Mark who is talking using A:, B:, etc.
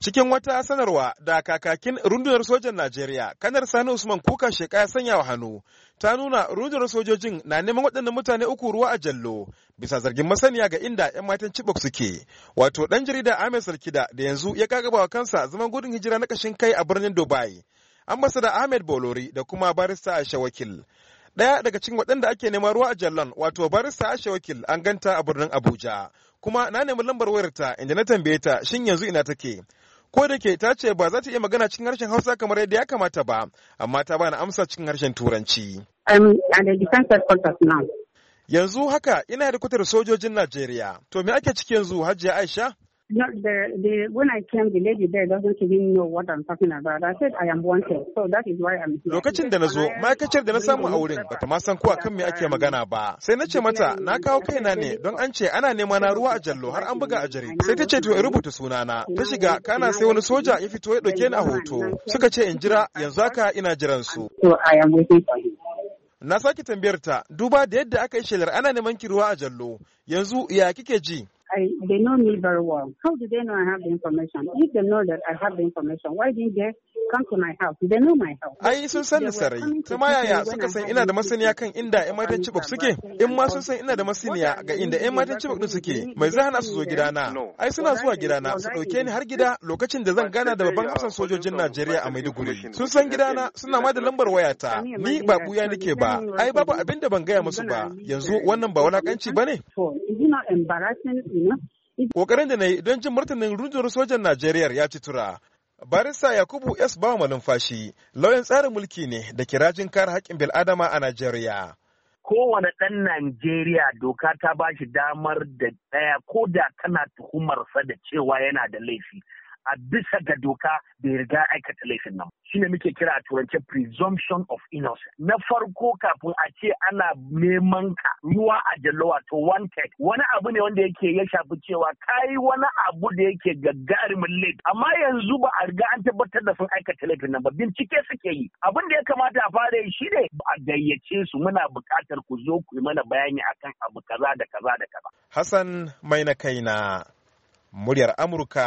A: Cikin wata sanarwa da kakakin rundunar sojan Najeriya, kanar Sani Usman kuka sheka ya sanya wa hannu, ta nuna rundunar sojojin na neman waɗannan mutane uku ruwa a jallo, bisa zargin masaniya ga inda 'yan matan Chibok suke. Wato ɗan jarida Ahmed Sarkida da yanzu ya kagaba wa kansa zaman gudun hijira na ƙashin kai a birnin Dubai. Ambasada Ahmed Bolori da kuma barista Aisha Wakil. Ɗaya daga cikin waɗanda ake neman ruwa a jallon, wato barista Aisha Wakil an ganta a birnin Abuja. Kuma na nemi lambar wayarta inda na tambaye ta shin yanzu ina take. ko da ke ta ce ba za ta iya magana cikin harshen hausa kamar yadda ya kamata ba amma ta bani amsa cikin harshen turanci um, yanzu haka ina da kutar sojojin najeriya to me ake ciki yanzu hajiya aisha not the, the when I came, the
B: lady there doesn't even know what I'm talking about. I said I am wanted, so that is why I'm
A: here. Lokacin da na zo, ma'aikaciyar da na samu a wurin bata ma san ko akan me ake magana ba. Sai na ce mata na kawo kaina ne don an ce ana nema na ruwa a jallo har an buga a jari. Sai ta ce to in rubuta sunana. Ta shiga kana sai wani soja ya fito ya ɗauke ni a hoto. Suka ce in jira yanzu haka ina jiran su. So I am waiting for you. Na sake tambayar ta duba da yadda aka yi shelar ana neman ki a jallo. Yanzu ya kike ji?
B: I, they know me very well. How do they know I have the information? If they know that I have the information, why didn't they Ai sun san ni sarai. Kuma yaya
A: suka san ina da masaniya kan inda ƴan matan cibok suke? In ma sun san ina da masaniya ga inda 'yan matan cibok din suke. Mai zai hana su zo gidana? Ai suna zuwa gidana su ɗauke ni har gida lokacin da zan gana da babban hafsan sojojin Najeriya a Maiduguri. Sun san gidana suna ma da lambar wayata. Ni ba buya nake ba. Ai babu abin da ban gaya musu ba. Yanzu wannan ba wulakanci ne? Kokarin da na yi don jin martanin rundunar sojan Najeriya ya ci tura. Barista Yakubu S. Bawa malumfashi lauyan tsarin mulki ne da kirajin kare haƙƙin bil'adama a Najeriya. Kowane ɗan Najeriya doka ta ba shi
C: damar da ɗaya ko da tana tuhumarsa da cewa yana da laifi. a bisa ga doka bai riga aikata laifin nan shi ne muke kira a turance presumption of innocence na farko kafin a ce ana neman ka ruwa a jallo wato wanted wani abu ne wanda yake ya shafi cewa kai wani abu da yake gagarumin laifi amma yanzu ba a riga an tabbatar da sun aikata laifin nan ba bincike suke yi abin da ya kamata a fara yi shine a gayyace su muna buƙatar ku zo ku yi mana bayani akan abu kaza da kaza da kaza
A: Hassan mai na kaina muryar Amurka